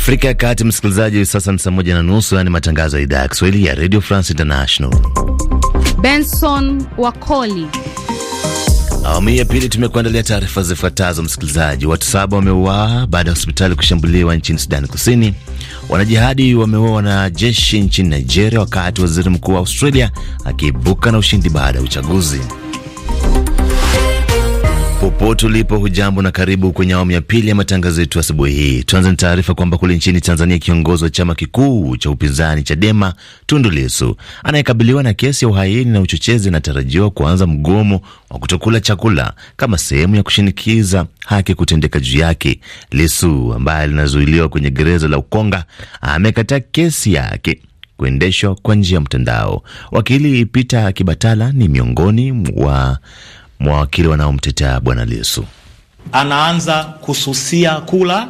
Afrika ya Kati, msikilizaji, sasa ni saa moja na nusu, yaani matangazo ya idhaa ya Kiswahili ya Radio France International. Benson Wakoli. Awamu hii ya pili tumekuandalia taarifa zifuatazo msikilizaji. Watu saba wameuawa baada ya hospitali kushambuliwa nchini Sudani Kusini. Wanajihadi wameua wanajeshi nchini Nigeria, wakati waziri mkuu wa Australia akiibuka na ushindi baada ya uchaguzi. Popote ulipo hujambo na karibu kwenye awamu ya pili ya matangazo yetu asubuhi hii. Tuanze na taarifa kwamba kule nchini Tanzania, kiongozi wa chama kikuu cha upinzani Chadema Tundu Lissu anayekabiliwa na kesi ya uhaini na uchochezi anatarajiwa kuanza mgomo wa kutokula chakula kama sehemu ya kushinikiza haki kutendeka juu yake. Lissu ambaye linazuiliwa kwenye gereza la Ukonga amekataa kesi yake kuendeshwa kwa njia ya mtandao. Wakili Peter Kibatala ni miongoni mwa mwa wakili wanaomtetea Bwana Lissu. Anaanza kususia kula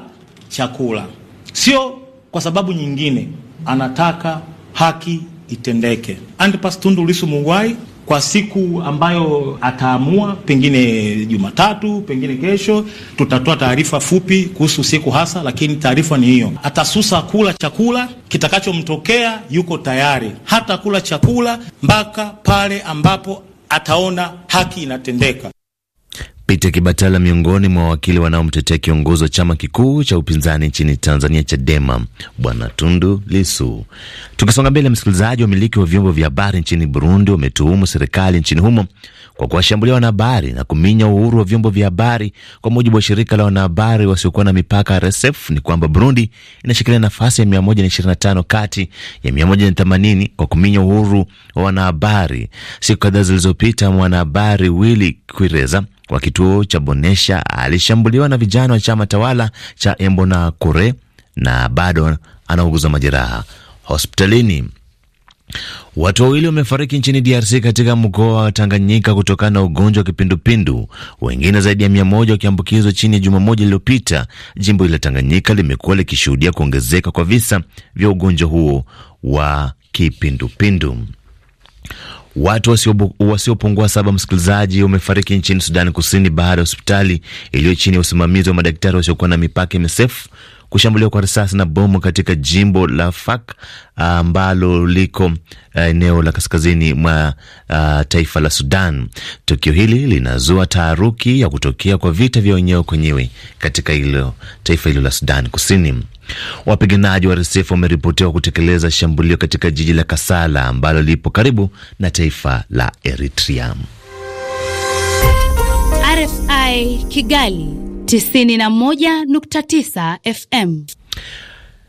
chakula, sio kwa sababu nyingine, anataka haki itendeke. Antipas Tundu Lissu Mugwai kwa siku ambayo ataamua, pengine Jumatatu, pengine kesho, tutatoa taarifa fupi kuhusu siku hasa, lakini taarifa ni hiyo. Atasusa kula chakula, kitakachomtokea yuko tayari, hata kula chakula mpaka pale ambapo ataona haki inatendeka. Peter Kibatala miongoni mwa wakili wanaomtetea kiongozi wa chama kikuu cha upinzani nchini Tanzania Chadema Bwana Tundu Lisu. Tukisonga mbele, msikilizaji, wamiliki wa vyombo vya habari nchini Burundi wametuhumu serikali nchini humo kwa kuwashambulia wanahabari na kuminya uhuru wa vyombo vya habari. Kwa mujibu wa shirika la wanahabari wasiokuwa na mipaka RSF, ni kwamba Burundi inashikilia nafasi ya 125 kati ya 180 kwa kuminya uhuru wa wanahabari. Siku kadhaa zilizopita mwanahabari Willy Kwireza kwa kituo cha Bonesha alishambuliwa na vijana wa chama tawala cha Embona Kure na bado anauguza majeraha hospitalini. Watu wawili wamefariki nchini DRC katika mkoa wa Tanganyika kutokana na ugonjwa wa kipindupindu, wengine zaidi ya mia moja wakiambukizwa chini ya juma moja iliyopita. Jimbo la Tanganyika limekuwa likishuhudia kuongezeka kwa visa vya ugonjwa huo wa kipindupindu. Watu wasiopungua saba, msikilizaji, wamefariki nchini Sudani Kusini baada ya hospitali iliyo chini ya usimamizi wa madaktari wasiokuwa na mipaka MSF kushambuliwa kwa risasi na bomu katika jimbo la Fak ambalo liko eh, eneo la kaskazini mwa ah, taifa la Sudan. Tukio hili linazua taharuki ya kutokea kwa vita vya wenyewe kwenyewe katika hilo taifa hilo la Sudan Kusini. Wapiganaji wa RSF wameripotiwa kutekeleza shambulio katika jiji la Kasala ambalo lipo karibu na taifa la Eritrea. RFI Kigali 91.9 FM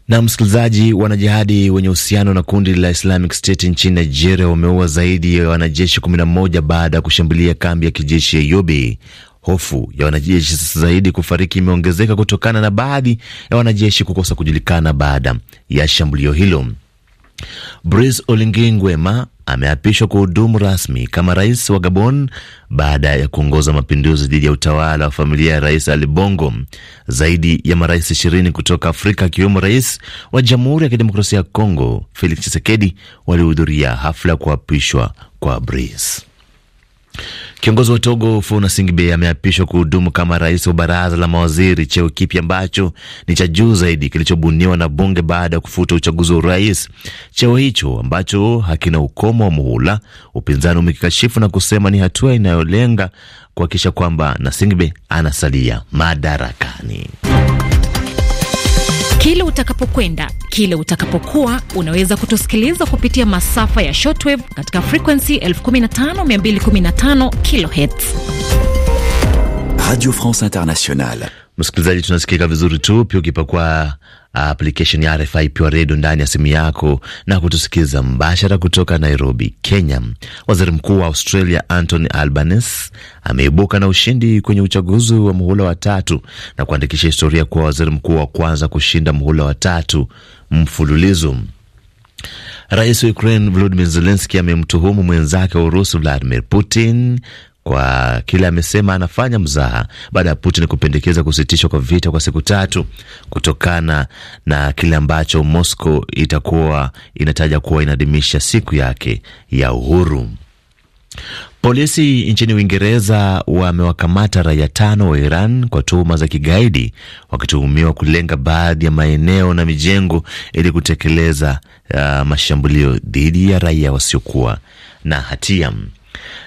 na msikilizaji, wanajihadi wenye uhusiano na kundi la Islamic State nchini Nigeria wameua zaidi ya wanajeshi 11 baada ya kushambulia kambi ya kijeshi ya Yobe, Hofu ya wanajeshi sasa zaidi kufariki imeongezeka kutokana na baadhi ya wanajeshi kukosa kujulikana baada ya shambulio hilo. Brice Oligui Nguema ameapishwa kuhudumu rasmi kama rais wa Gabon baada ya kuongoza mapinduzi dhidi ya utawala wa familia ya rais Ali Bongo. Zaidi ya marais ishirini kutoka Afrika akiwemo rais wa Jamhuri ya Kidemokrasia ya Kongo Felix Tshisekedi walihudhuria hafla ya kuapishwa kwa Brice. Kiongozi wa Togo Faure Singbe ameapishwa kuhudumu kama rais wa baraza la mawaziri, cheo kipya ambacho ni cha juu zaidi kilichobuniwa na bunge baada ya kufuta uchaguzi wa urais. Cheo hicho ambacho hakina ukomo wa muhula, upinzani umekikashifu na kusema ni hatua inayolenga kuhakikisha kwamba nasingbe anasalia madarakani. Kila utakapokwenda Kile utakapokuwa unaweza kutusikiliza kupitia masafa ya shortwave katika frequency 15215 kilohertz. Radio France Internationale. Msikilizaji, tunasikika vizuri tu pia ukipakua ah, application ya RFI pia redio ndani ya simu yako na kutusikiliza mbashara kutoka Nairobi, Kenya. Waziri Mkuu wa Australia Anthony Albanese ameibuka na ushindi kwenye uchaguzi wa muhula wa tatu na kuandikisha historia kuwa waziri mkuu wa kwanza kushinda muhula wa tatu mfululizo. Rais wa Ukraine Volodymyr Zelensky amemtuhumu mwenzake wa Urusi Vladimir Putin kwa kile amesema anafanya mzaha baada ya Putin kupendekeza kusitishwa kwa vita kwa siku tatu kutokana na kile ambacho Moscow itakuwa inataja kuwa inadimisha siku yake ya uhuru. Polisi nchini Uingereza wamewakamata raia tano wa Iran kwa tuhuma za kigaidi, wakituhumiwa kulenga baadhi ya maeneo na mijengo ili kutekeleza uh, mashambulio dhidi ya raia wasiokuwa na hatia.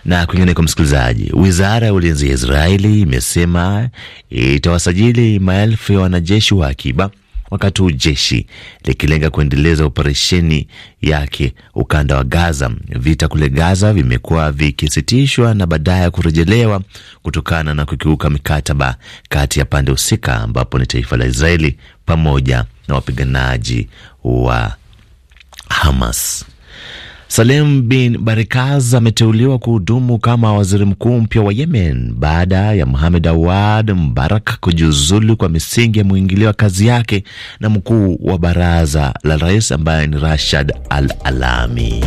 Na kwingine kwa msikilizaji, wizara ya ulinzi ya Israeli imesema itawasajili maelfu ya wanajeshi wa akiba, wakati huu jeshi likilenga kuendeleza operesheni yake ukanda wa Gaza. Vita kule Gaza vimekuwa vikisitishwa na baadaye ya kurejelewa kutokana na kukiuka mikataba kati ya pande husika, ambapo ni taifa la Israeli pamoja na wapiganaji wa Hamas. Salim bin Barikaz ameteuliwa kuhudumu kama waziri mkuu mpya wa Yemen baada ya muhamed Awad Mbarak kujiuzulu kwa misingi ya mwingilio wa kazi yake na mkuu wa baraza la rais ambaye ni Rashad Al Alami.